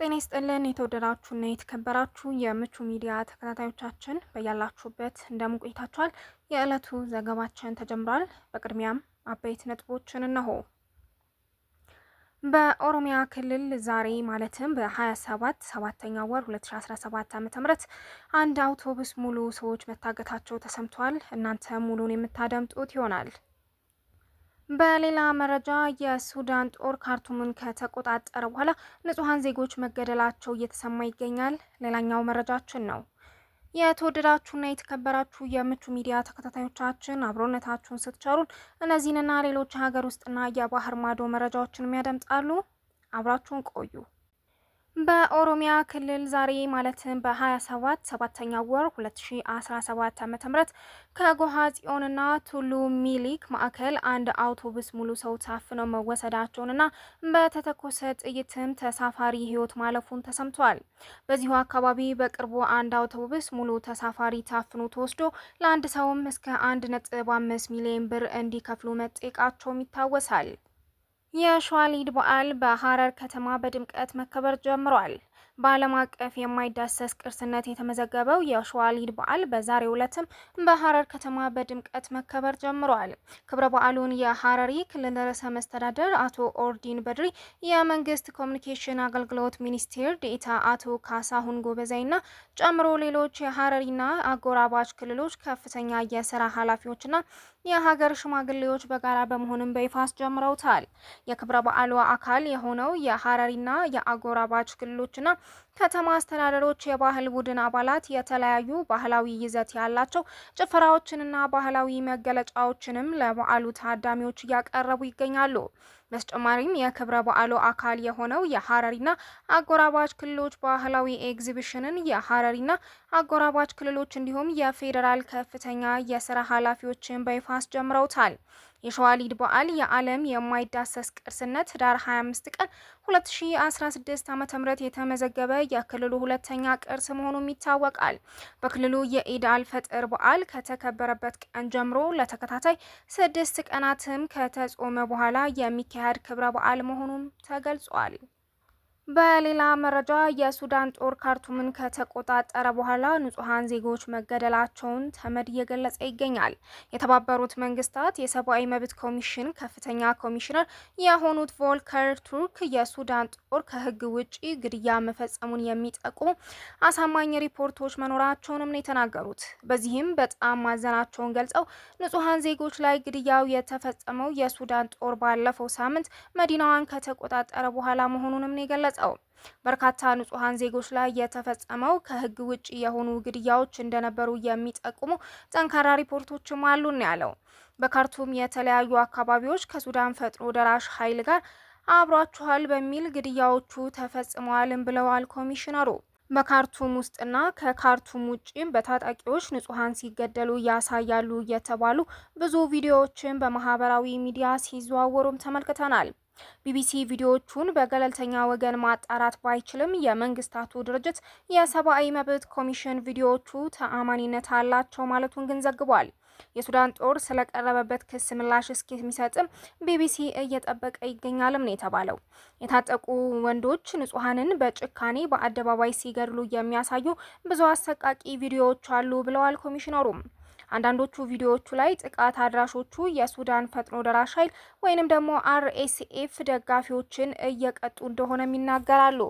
ጤና ይስጥልን የተወደዳችሁና የተከበራችሁ የምቹ ሚዲያ ተከታታዮቻችን በያላችሁበት እንደምን ቆይታችኋል? የዕለቱ ዘገባችን ተጀምሯል። በቅድሚያም አበይት ነጥቦችን እነሆ። በኦሮሚያ ክልል ዛሬ ማለትም በ27 ሰባተኛ ወር 2017 ዓ ም አንድ አውቶቡስ ሙሉ ሰዎች መታገታቸው ተሰምቷል። እናንተ ሙሉን የምታደምጡት ይሆናል። በሌላ መረጃ የሱዳን ጦር ካርቱምን ከተቆጣጠረ በኋላ ንጹሐን ዜጎች መገደላቸው እየተሰማ ይገኛል። ሌላኛው መረጃችን ነው። የተወደዳችሁና የተከበራችሁ የምቹ ሚዲያ ተከታታዮቻችን አብሮነታችሁን ስትቸሩን እነዚህንና ሌሎች የሀገር ውስጥና የባህር ማዶ መረጃዎችን የሚያደምጣሉ። አብራችሁን ቆዩ። በኦሮሚያ ክልል ዛሬ ማለትም በ27 ሰባተኛ ወር 2017 ዓ ም ከጎሃ ጽዮንና ቱሉ ሚሊክ ማዕከል አንድ አውቶቡስ ሙሉ ሰው ታፍነው መወሰዳቸውንና በተተኮሰ ጥይትም ተሳፋሪ ህይወት ማለፉን ተሰምቷል። በዚሁ አካባቢ በቅርቡ አንድ አውቶቡስ ሙሉ ተሳፋሪ ታፍኖ ተወስዶ ለአንድ ሰውም እስከ 1.5 ሚሊዮን ብር እንዲከፍሉ መጠየቃቸውም ይታወሳል። የሸዋሊድ በዓል በሀረር ከተማ በድምቀት መከበር ጀምሯል። በዓለም አቀፍ የማይዳሰስ ቅርስነት የተመዘገበው የሸዋሊድ በዓል በዛሬው ዕለትም በሀረር ከተማ በድምቀት መከበር ጀምሯል። ክብረ በዓሉን የሀረሪ ክልል ርዕሰ መስተዳደር አቶ ኦርዲን በድሪ፣ የመንግስት ኮሚኒኬሽን አገልግሎት ሚኒስቴር ዴኤታ አቶ ካሳሁን ጎበዛይና ጨምሮ ሌሎች የሀረሪና አጎራባች ክልሎች ከፍተኛ የስራ ኃላፊዎችና የሀገር ሽማግሌዎች በጋራ በመሆንም በይፋ አስጀምረውታል። የክብረ በዓሉ አካል የሆነው የሀረሪና የአጎራባች ክልሎችና ከተማ አስተዳደሮች የባህል ቡድን አባላት የተለያዩ ባህላዊ ይዘት ያላቸው ጭፈራዎችንና ባህላዊ መገለጫዎችንም ለበዓሉ ታዳሚዎች እያቀረቡ ይገኛሉ። በተጨማሪም የክብረ በዓሉ አካል የሆነው የሀረሪና አጎራባች ክልሎች ባህላዊ ኤግዚቢሽንን የሀረሪና አጎራባች ክልሎች እንዲሁም የፌዴራል ከፍተኛ የስራ ኃላፊዎችን በይፋ አስጀምረውታል። የሸዋሊድ በዓል የዓለም የማይዳሰስ ቅርስነት ህዳር 25 ቀን 2016 ዓ ም የተመዘገበ የክልሉ ሁለተኛ ቅርስ መሆኑም ይታወቃል። በክልሉ የኢድ አልፈጥር በዓል ከተከበረበት ቀን ጀምሮ ለተከታታይ ስድስት ቀናትም ከተጾመ በኋላ የሚካሄድ ክብረ በዓል መሆኑም ተገልጿል። በሌላ መረጃ የሱዳን ጦር ካርቱምን ከተቆጣጠረ በኋላ ንጹሐን ዜጎች መገደላቸውን ተመድ እየገለጸ ይገኛል። የተባበሩት መንግስታት የሰብአዊ መብት ኮሚሽን ከፍተኛ ኮሚሽነር የሆኑት ቮልከር ቱርክ የሱዳን ጦር ከህግ ውጪ ግድያ መፈጸሙን የሚጠቁሙ አሳማኝ ሪፖርቶች መኖራቸውንም ነው የተናገሩት። በዚህም በጣም ማዘናቸውን ገልጸው ንጹሐን ዜጎች ላይ ግድያው የተፈጸመው የሱዳን ጦር ባለፈው ሳምንት መዲናዋን ከተቆጣጠረ በኋላ መሆኑንም ነው የገለጸ ገለጸው። በርካታ ንጹሐን ዜጎች ላይ የተፈጸመው ከህግ ውጭ የሆኑ ግድያዎች እንደነበሩ የሚጠቁሙ ጠንካራ ሪፖርቶችም አሉን ያለው በካርቱም የተለያዩ አካባቢዎች ከሱዳን ፈጥኖ ደራሽ ኃይል ጋር አብሯችኋል በሚል ግድያዎቹ ተፈጽመዋልን ብለዋል ኮሚሽነሩ። በካርቱም ውስጥና ከካርቱም ውጭም በታጣቂዎች ንጹሐን ሲገደሉ ያሳያሉ የተባሉ ብዙ ቪዲዮዎችን በማህበራዊ ሚዲያ ሲዘዋወሩም ተመልክተናል። ቢቢሲ ቪዲዮዎቹን በገለልተኛ ወገን ማጣራት ባይችልም የመንግስታቱ ድርጅት የሰብአዊ መብት ኮሚሽን ቪዲዮዎቹ ተአማኒነት አላቸው ማለቱን ግን ዘግቧል። የሱዳን ጦር ስለቀረበበት ክስ ምላሽ እስከሚሰጥም ቢቢሲ እየጠበቀ ይገኛልም ነው የተባለው። የታጠቁ ወንዶች ንጹሐንን በጭካኔ በአደባባይ ሲገድሉ የሚያሳዩ ብዙ አሰቃቂ ቪዲዮዎች አሉ ብለዋል ኮሚሽነሩም። አንዳንዶቹ ቪዲዮዎቹ ላይ ጥቃት አድራሾቹ የሱዳን ፈጥኖ ደራሽ ኃይል ወይንም ደግሞ አርኤስኤፍ ደጋፊዎችን እየቀጡ እንደሆነም ይናገራሉ።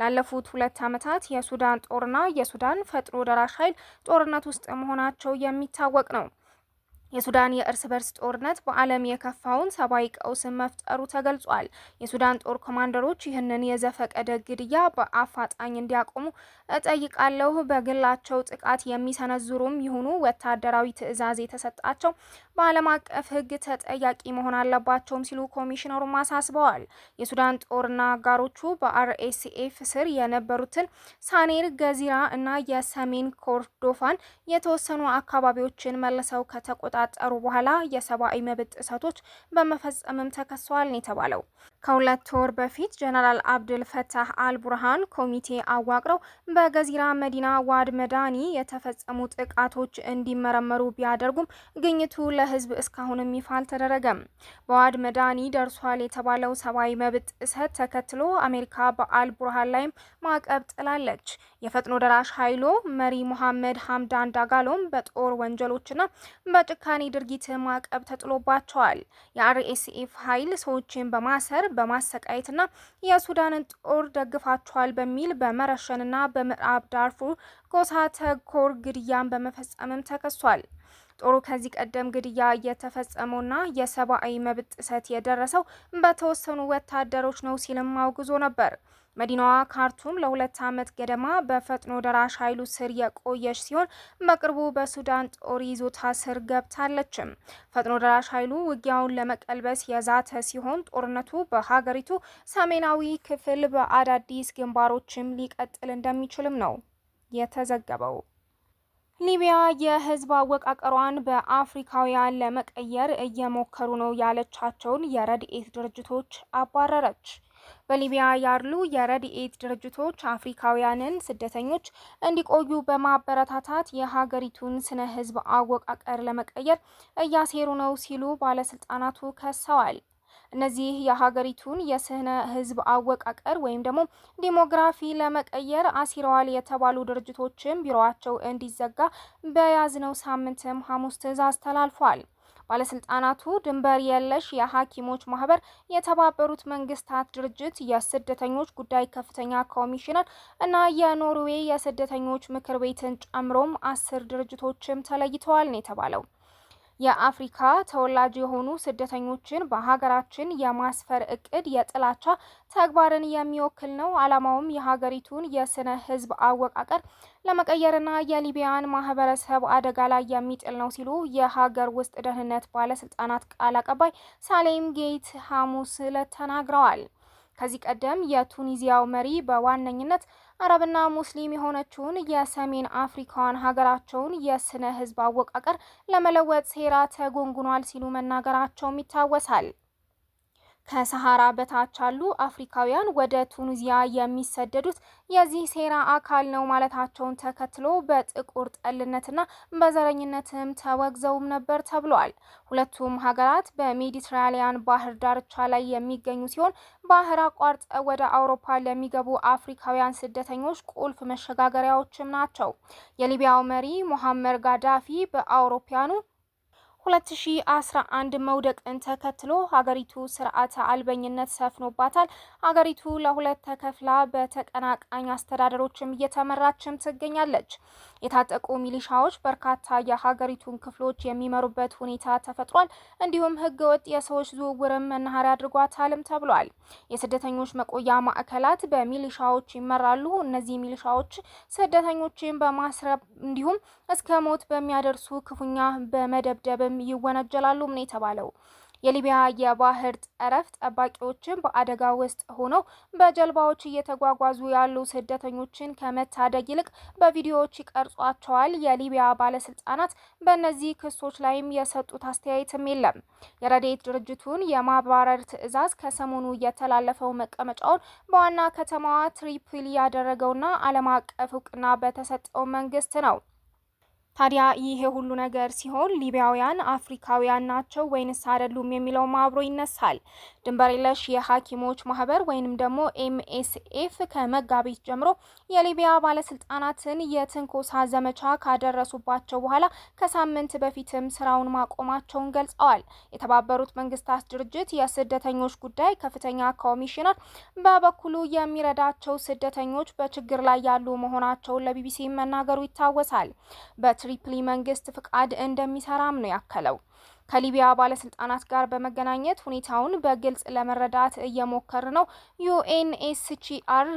ላለፉት ሁለት ዓመታት የሱዳን ጦርና የሱዳን ፈጥኖ ደራሽ ኃይል ጦርነት ውስጥ መሆናቸው የሚታወቅ ነው። የሱዳን የእርስ በርስ ጦርነት በዓለም የከፋውን ሰብአዊ ቀውስን መፍጠሩ ተገልጿል። የሱዳን ጦር ኮማንደሮች ይህንን የዘፈቀደ ግድያ በአፋጣኝ እንዲያቆሙ እጠይቃለሁ። በግላቸው ጥቃት የሚሰነዝሩም ይሁኑ ወታደራዊ ትዕዛዝ የተሰጣቸው በዓለም አቀፍ ሕግ ተጠያቂ መሆን አለባቸውም ሲሉ ኮሚሽነሩም አሳስበዋል። የሱዳን ጦርና አጋሮቹ በአርኤስኤፍ ስር የነበሩትን ሳኔር ገዚራ እና የሰሜን ኮርዶፋን የተወሰኑ አካባቢዎችን መልሰው ከተቆጣጠሩ በኋላ የሰብአዊ መብት ጥሰቶች በመፈጸምም ተከሰዋል ነው የተባለው። ከሁለት ወር በፊት ጀነራል አብድል ፈታህ አልቡርሃን ኮሚቴ አዋቅረው በገዚራ መዲና ዋድ መዳኒ የተፈጸሙ ጥቃቶች እንዲመረመሩ ቢያደርጉም ግኝቱ ለሕዝብ እስካሁንም ይፋ አልተደረገም። በዋድ መዳኒ ደርሷል የተባለው ሰብአዊ መብት ጥሰት ተከትሎ አሜሪካ በአልቡርሃን ላይም ማዕቀብ ጥላለች። የፈጥኖ ደራሽ ኃይሎ መሪ ሙሐመድ ሀምዳን ዳጋሎም በጦር ወንጀሎችና በጭካኔ ድርጊት ማዕቀብ ተጥሎባቸዋል። የአርኤስኤፍ ኃይል ሰዎችን በማሰር በማሰቃየትና የሱዳንን ጦር ደግፋችኋል በሚል በመረሸንና በምዕራብ ዳርፉር ጎሳ ተኮር ግድያን በመፈጸምም ተከሷል። ጦሩ ከዚህ ቀደም ግድያ ና የሰብአዊ መብት ጥሰት የደረሰው በተወሰኑ ወታደሮች ነው ሲልም አውግዞ ነበር። መዲናዋ ካርቱም ለሁለት ዓመት ገደማ በፈጥኖ ደራሽ ኃይሉ ስር የቆየች ሲሆን በቅርቡ በሱዳን ጦር ይዞታ ስር ገብታለችም። ፈጥኖ ደራሽ ኃይሉ ውጊያውን ለመቀልበስ የዛተ ሲሆን ጦርነቱ በሀገሪቱ ሰሜናዊ ክፍል በአዳዲስ ግንባሮችም ሊቀጥል እንደሚችልም ነው የተዘገበው። ሊቢያ የህዝብ አወቃቀሯን በአፍሪካውያን ለመቀየር እየሞከሩ ነው ያለቻቸውን የረድኤት ድርጅቶች አባረረች። በሊቢያ ያሉ የረድኤት ድርጅቶች አፍሪካውያንን ስደተኞች እንዲቆዩ በማበረታታት የሀገሪቱን ስነ ህዝብ አወቃቀር ለመቀየር እያሴሩ ነው ሲሉ ባለስልጣናቱ ከሰዋል። እነዚህ የሀገሪቱን የስነ ህዝብ አወቃቀር ወይም ደግሞ ዲሞግራፊ ለመቀየር አሲረዋል የተባሉ ድርጅቶችም ቢሮዋቸው እንዲዘጋ በያዝነው ሳምንትም ሐሙስ ትዕዛዝ ተላልፏል። ባለስልጣናቱ ድንበር የለሽ የሐኪሞች ማህበር፣ የተባበሩት መንግስታት ድርጅት የስደተኞች ጉዳይ ከፍተኛ ኮሚሽነር እና የኖርዌይ የስደተኞች ምክር ቤትን ጨምሮም አስር ድርጅቶችም ተለይተዋል ነው የተባለው። የአፍሪካ ተወላጅ የሆኑ ስደተኞችን በሀገራችን የማስፈር እቅድ የጥላቻ ተግባርን የሚወክል ነው። ዓላማውም የሀገሪቱን የስነ ህዝብ አወቃቀር ለመቀየርና የሊቢያን ማህበረሰብ አደጋ ላይ የሚጥል ነው ሲሉ የሀገር ውስጥ ደህንነት ባለስልጣናት ቃል አቀባይ ሳሌም ጌት ሐሙስ ዕለት ተናግረዋል። ከዚህ ቀደም የቱኒዚያው መሪ በዋነኝነት አረብና ሙስሊም የሆነችውን የሰሜን አፍሪካዋን ሀገራቸውን የስነ ህዝብ አወቃቀር ለመለወጥ ሴራ ተጎንጉኗል ሲሉ መናገራቸውም ይታወሳል። ከሰሃራ በታች አሉ አፍሪካውያን ወደ ቱኒዚያ የሚሰደዱት የዚህ ሴራ አካል ነው ማለታቸውን ተከትሎ በጥቁር ጠልነትና በዘረኝነትም ተወግዘውም ነበር ተብሏል። ሁለቱም ሀገራት በሜዲትራሊያን ባህር ዳርቻ ላይ የሚገኙ ሲሆን ባህር አቋርጥ ወደ አውሮፓ ለሚገቡ አፍሪካውያን ስደተኞች ቁልፍ መሸጋገሪያዎችም ናቸው። የሊቢያው መሪ ሞሐመር ጋዳፊ በአውሮፓያኑ 2011 መውደቅን ተከትሎ ሀገሪቱ ስርዓተ አልበኝነት ሰፍኖባታል። ሀገሪቱ ለሁለት ተከፍላ በተቀናቃኝ አስተዳደሮችም እየተመራችም ትገኛለች። የታጠቁ ሚሊሻዎች በርካታ የሀገሪቱን ክፍሎች የሚመሩበት ሁኔታ ተፈጥሯል። እንዲሁም ህገወጥ የሰዎች ዝውውርም መናኸሪያ አድርጓታልም ተብሏል። የስደተኞች መቆያ ማዕከላት በሚሊሻዎች ይመራሉ። እነዚህ ሚሊሻዎች ስደተኞችን በማስረብ እንዲሁም እስከ ሞት በሚያደርሱ ክፉኛ በመደብደብ በመደብደብም ይወነጀላሉ ነው የተባለው። የሊቢያ የባህር ጠረፍ ጠባቂዎችን በአደጋ ውስጥ ሆነው በጀልባዎች እየተጓጓዙ ያሉ ስደተኞችን ከመታደግ ይልቅ በቪዲዮዎች ይቀርጿቸዋል። የሊቢያ ባለስልጣናት በእነዚህ ክሶች ላይም የሰጡት አስተያየትም የለም። የረድኤት ድርጅቱን የማባረር ትዕዛዝ ከሰሞኑ የተላለፈው መቀመጫውን በዋና ከተማዋ ትሪፕል ያደረገውና ዓለም አቀፍ እውቅና በተሰጠው መንግስት ነው። ታዲያ ይሄ ሁሉ ነገር ሲሆን ሊቢያውያን አፍሪካውያን ናቸው ወይንስ አይደሉም የሚለውም አብሮ ይነሳል። ድንበር የለሽ የሐኪሞች ማህበር ወይንም ደግሞ ኤምኤስኤፍ ከመጋቢት ጀምሮ የሊቢያ ባለስልጣናትን የትንኮሳ ዘመቻ ካደረሱባቸው በኋላ ከሳምንት በፊትም ስራውን ማቆማቸውን ገልጸዋል። የተባበሩት መንግስታት ድርጅት የስደተኞች ጉዳይ ከፍተኛ ኮሚሽነር በበኩሉ የሚረዳቸው ስደተኞች በችግር ላይ ያሉ መሆናቸውን ለቢቢሲ መናገሩ ይታወሳል። ትሪፕሊ መንግስት ፍቃድ እንደሚሰራም ነው ያከለው። ከሊቢያ ባለስልጣናት ጋር በመገናኘት ሁኔታውን በግልጽ ለመረዳት እየሞከር ነው። ዩኤንኤስሲአር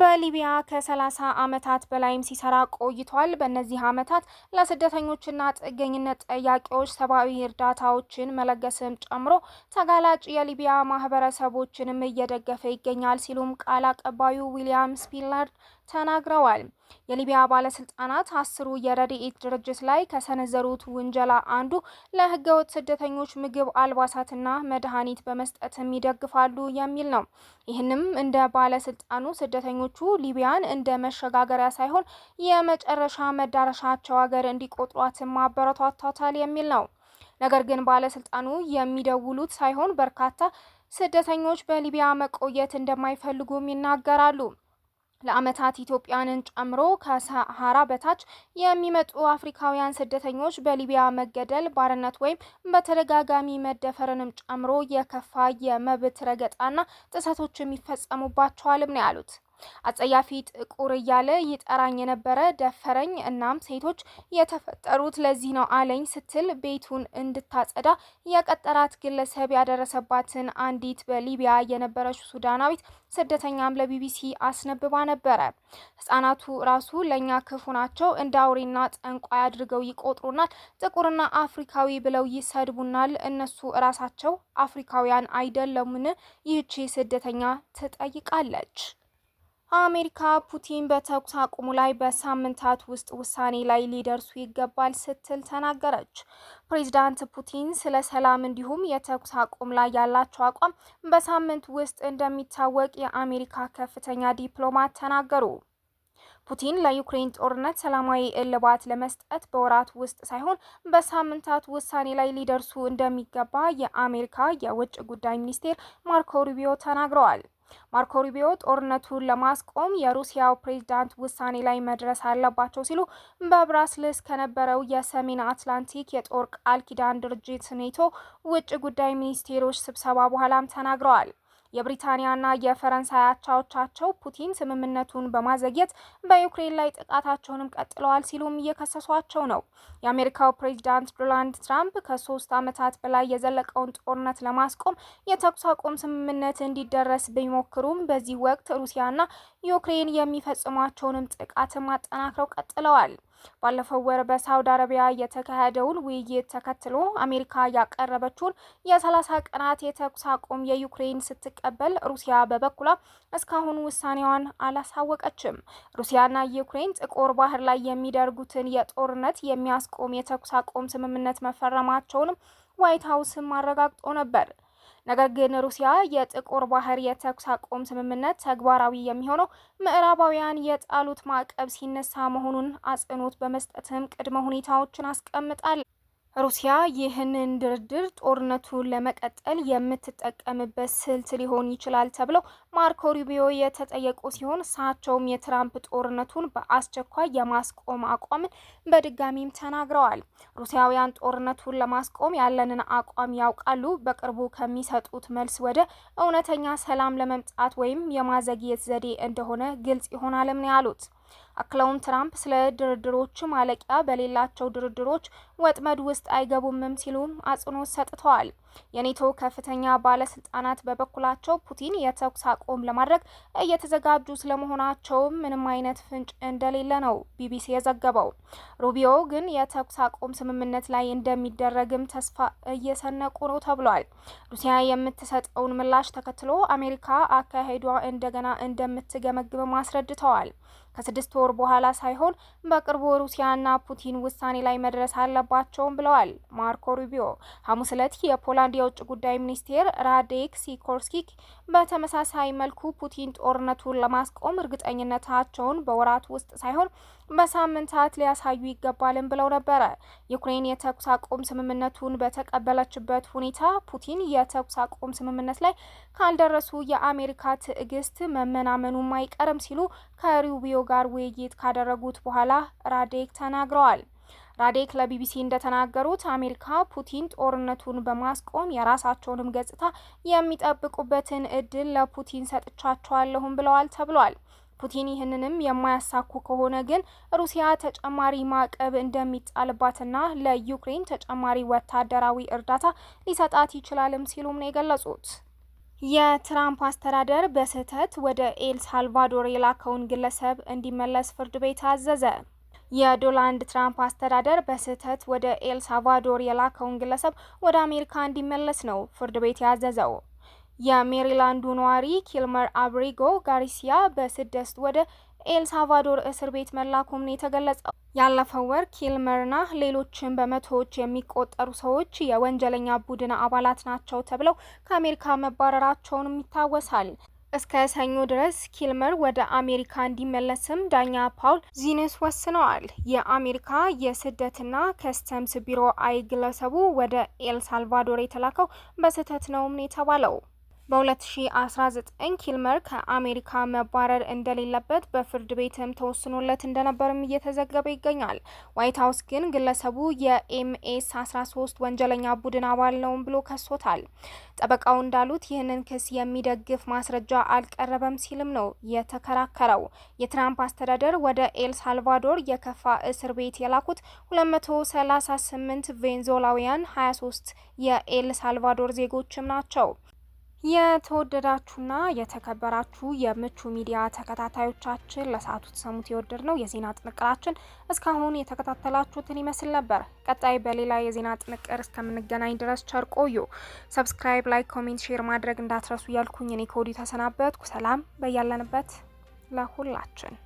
በሊቢያ ከሰላሳ ዓመታት በላይም ሲሰራ ቆይቷል። በእነዚህ ዓመታት ለስደተኞችና ጥገኝነት ጠያቂዎች ሰብአዊ እርዳታዎችን መለገስም ጨምሮ ተጋላጭ የሊቢያ ማህበረሰቦችንም እየደገፈ ይገኛል ሲሉም ቃል አቀባዩ ዊሊያም ስፒላርድ ተናግረዋል። የሊቢያ ባለስልጣናት አስሩ የረድኤት ድርጅት ላይ ከሰነዘሩት ውንጀላ አንዱ ለህገወጥ ስደተኞች ምግብ፣ አልባሳትና መድኃኒት በመስጠትም ይደግፋሉ የሚል ነው። ይህንም እንደ ባለስልጣኑ ስደተኞቹ ሊቢያን እንደ መሸጋገሪያ ሳይሆን የመጨረሻ መዳረሻቸው ሀገር እንዲቆጥሯትም ማበረታታታል የሚል ነው። ነገር ግን ባለስልጣኑ የሚደውሉት ሳይሆን በርካታ ስደተኞች በሊቢያ መቆየት እንደማይፈልጉም ይናገራሉ። ለአመታት ኢትዮጵያንን ጨምሮ ከሰሃራ በታች የሚመጡ አፍሪካውያን ስደተኞች በሊቢያ መገደል፣ ባርነት ወይም በተደጋጋሚ መደፈርንም ጨምሮ የከፋ የመብት ረገጣና ጥሰቶች የሚፈጸሙባቸዋልም ነው ያሉት። አጸያፊ ጥቁር እያለ ይጠራኝ የነበረ ደፈረኝ። እናም ሴቶች የተፈጠሩት ለዚህ ነው አለኝ ስትል ቤቱን እንድታጸዳ የቀጠራት ግለሰብ ያደረሰባትን አንዲት በሊቢያ የነበረች ሱዳናዊት ስደተኛም ለቢቢሲ አስነብባ ነበረ። ህጻናቱ ራሱ ለእኛ ክፉ ናቸው፣ እንደ አውሬና ጠንቋይ አድርገው ይቆጥሩናል፣ ጥቁርና አፍሪካዊ ብለው ይሰድቡናል። እነሱ እራሳቸው አፍሪካውያን አይደለሙን? ይህቺ ስደተኛ ትጠይቃለች። አሜሪካ ፑቲን በተኩስ አቁሙ ላይ በሳምንታት ውስጥ ውሳኔ ላይ ሊደርሱ ይገባል ስትል ተናገረች። ፕሬዚዳንት ፑቲን ስለ ሰላም እንዲሁም የተኩስ አቁም ላይ ያላቸው አቋም በሳምንት ውስጥ እንደሚታወቅ የአሜሪካ ከፍተኛ ዲፕሎማት ተናገሩ። ፑቲን ለዩክሬን ጦርነት ሰላማዊ እልባት ለመስጠት በወራት ውስጥ ሳይሆን በሳምንታት ውሳኔ ላይ ሊደርሱ እንደሚገባ የአሜሪካ የውጭ ጉዳይ ሚኒስቴር ማርኮ ሩቢዮ ተናግረዋል። ማርኮ ሩቢዮ ጦርነቱን ለማስቆም የሩሲያው ፕሬዚዳንት ውሳኔ ላይ መድረስ አለባቸው ሲሉ በብራስልስ ከነበረው የሰሜን አትላንቲክ የጦር ቃል ኪዳን ድርጅት ኔቶ ውጭ ጉዳይ ሚኒስቴሮች ስብሰባ በኋላም ተናግረዋል። የብሪታንያና የፈረንሳይ አቻዎቻቸው ፑቲን ስምምነቱን በማዘግየት በዩክሬን ላይ ጥቃታቸውንም ቀጥለዋል ሲሉም እየከሰሷቸው ነው። የአሜሪካው ፕሬዚዳንት ዶናልድ ትራምፕ ከሶስት ዓመታት በላይ የዘለቀውን ጦርነት ለማስቆም የተኩስ አቁም ስምምነት እንዲደረስ ቢሞክሩም በዚህ ወቅት ሩሲያና ዩክሬን የሚፈጽሟቸውንም ጥቃትም አጠናክረው ቀጥለዋል። ባለፈው ወር በሳውዲ አረቢያ የተካሄደውን ውይይት ተከትሎ አሜሪካ ያቀረበችውን የ የ30 ቀናት የተኩስ አቁም የዩክሬን ስትቀበል ሩሲያ በበኩሏ እስካሁን ውሳኔዋን አላሳወቀችም። ሩሲያና ዩክሬን ጥቁር ባህር ላይ የሚደርጉትን የጦርነት የሚያስቆም የተኩስ አቁም ስምምነት መፈረማቸውንም ዋይት ሀውስም አረጋግጦ ነበር። ነገር ግን ሩሲያ የጥቁር ባህር የተኩስ አቁም ስምምነት ተግባራዊ የሚሆነው ምዕራባውያን የጣሉት ማዕቀብ ሲነሳ መሆኑን አጽንኦት በመስጠትም ቅድመ ሁኔታዎችን አስቀምጣል። ሩሲያ ይህንን ድርድር ጦርነቱን ለመቀጠል የምትጠቀምበት ስልት ሊሆን ይችላል ተብለው ማርኮ ሩቢዮ የተጠየቁ ሲሆን እሳቸውም የትራምፕ ጦርነቱን በአስቸኳይ የማስቆም አቋምን በድጋሚም ተናግረዋል። ሩሲያውያን ጦርነቱን ለማስቆም ያለንን አቋም ያውቃሉ። በቅርቡ ከሚሰጡት መልስ ወደ እውነተኛ ሰላም ለመምጣት ወይም የማዘግየት ዘዴ እንደሆነ ግልጽ ይሆናልም ነው ያሉት። አክለውም ትራምፕ ስለ ድርድሮቹ ማለቂያ በሌላቸው ድርድሮች ወጥመድ ውስጥ አይገቡምም ሲሉም አጽንኦት ሰጥተዋል። የኔቶ ከፍተኛ ባለስልጣናት በበኩላቸው ፑቲን የተኩስ አቁም ለማድረግ እየተዘጋጁ ስለመሆናቸውም ምንም አይነት ፍንጭ እንደሌለ ነው ቢቢሲ የዘገበው። ሩቢዮ ግን የተኩስ አቁም ስምምነት ላይ እንደሚደረግም ተስፋ እየሰነቁ ነው ተብሏል። ሩሲያ የምትሰጠውን ምላሽ ተከትሎ አሜሪካ አካሄዷ እንደገና እንደምትገመግም አስረድተዋል። ከስድስት ወር በኋላ ሳይሆን በቅርቡ ሩሲያና ፑቲን ውሳኔ ላይ መድረስ አለባቸውም ብለዋል ማርኮ ሩቢዮ። ሐሙስ ዕለት የፖላንድ የውጭ ጉዳይ ሚኒስቴር ራዴክ ሲኮርስኪክ በተመሳሳይ መልኩ ፑቲን ጦርነቱን ለማስቆም እርግጠኝነታቸውን በወራት ውስጥ ሳይሆን በሳምንታት ሊያሳዩ ይገባልን ብለው ነበረ። ዩክሬን የተኩስ አቁም ስምምነቱን በተቀበለችበት ሁኔታ ፑቲን የተኩስ አቁም ስምምነት ላይ ካልደረሱ የአሜሪካ ትዕግስት መመናመኑም አይቀርም ሲሉ ከሩቢዮ ጋር ውይይት ካደረጉት በኋላ ራዴክ ተናግረዋል። ራዴክ ለቢቢሲ እንደተናገሩት አሜሪካ ፑቲን ጦርነቱን በማስቆም የራሳቸውንም ገጽታ የሚጠብቁበትን እድል ለፑቲን ሰጥቻቸዋለሁም ብለዋል ተብሏል። ፑቲን ይህንንም የማያሳኩ ከሆነ ግን ሩሲያ ተጨማሪ ማዕቀብ እንደሚጣልባትና ለዩክሬን ተጨማሪ ወታደራዊ እርዳታ ሊሰጣት ይችላልም ሲሉም ነው የገለጹት። የትራምፕ አስተዳደር በስህተት ወደ ኤል ሳልቫዶር የላከውን ግለሰብ እንዲመለስ ፍርድ ቤት አዘዘ። የዶናልድ ትራምፕ አስተዳደር በስህተት ወደ ኤል ሳልቫዶር የላከውን ግለሰብ ወደ አሜሪካ እንዲመለስ ነው ፍርድ ቤት ያዘዘው። የሜሪላንዱ ነዋሪ ኪልመር አብሪጎ ጋርሲያ በስደት ወደ ኤልሳልቫዶር እስር ቤት መላኩም ነው የተገለጸው። ያለፈው ወር ኪልመርና ሌሎችን በመቶዎች የሚቆጠሩ ሰዎች የወንጀለኛ ቡድን አባላት ናቸው ተብለው ከአሜሪካ መባረራቸውንም ይታወሳል። እስከ ሰኞ ድረስ ኪልመር ወደ አሜሪካ እንዲመለስም ዳኛ ፓውል ዚንስ ወስነዋል። የአሜሪካ የስደትና ከስተምስ ቢሮ አይ ግለሰቡ ወደ ኤል ሳልቫዶር የተላከው በስህተት ነውም የተባለው በ2019 ኪልመር ከአሜሪካ መባረር እንደሌለበት በፍርድ ቤትም ተወስኖለት እንደነበርም እየተዘገበ ይገኛል። ዋይት ሀውስ ግን ግለሰቡ የኤምኤስ 13 ወንጀለኛ ቡድን አባል ነውም ብሎ ከሶታል። ጠበቃው እንዳሉት ይህንን ክስ የሚደግፍ ማስረጃ አልቀረበም ሲልም ነው የተከራከረው። የትራምፕ አስተዳደር ወደ ኤል ሳልቫዶር የከፋ እስር ቤት የላኩት 238 ቬንዙዌላውያን 23 የኤል ሳልቫዶር ዜጎችም ናቸው። የተወደዳችሁና የተከበራችሁ የምቹ ሚዲያ ተከታታዮቻችን ለሰዓቱ ተሰሙት የወደድ ነው የዜና ጥንቅራችን እስካሁን የተከታተላችሁትን ይመስል ነበር። ቀጣይ በሌላ የዜና ጥንቅር እስከምንገናኝ ድረስ ቸር ቆዩ። ሰብስክራይብ፣ ላይክ፣ ኮሜንት፣ ሼር ማድረግ እንዳትረሱ ያልኩኝ እኔ ከወዲሁ ተሰናበትኩ። ሰላም በያለንበት ለሁላችን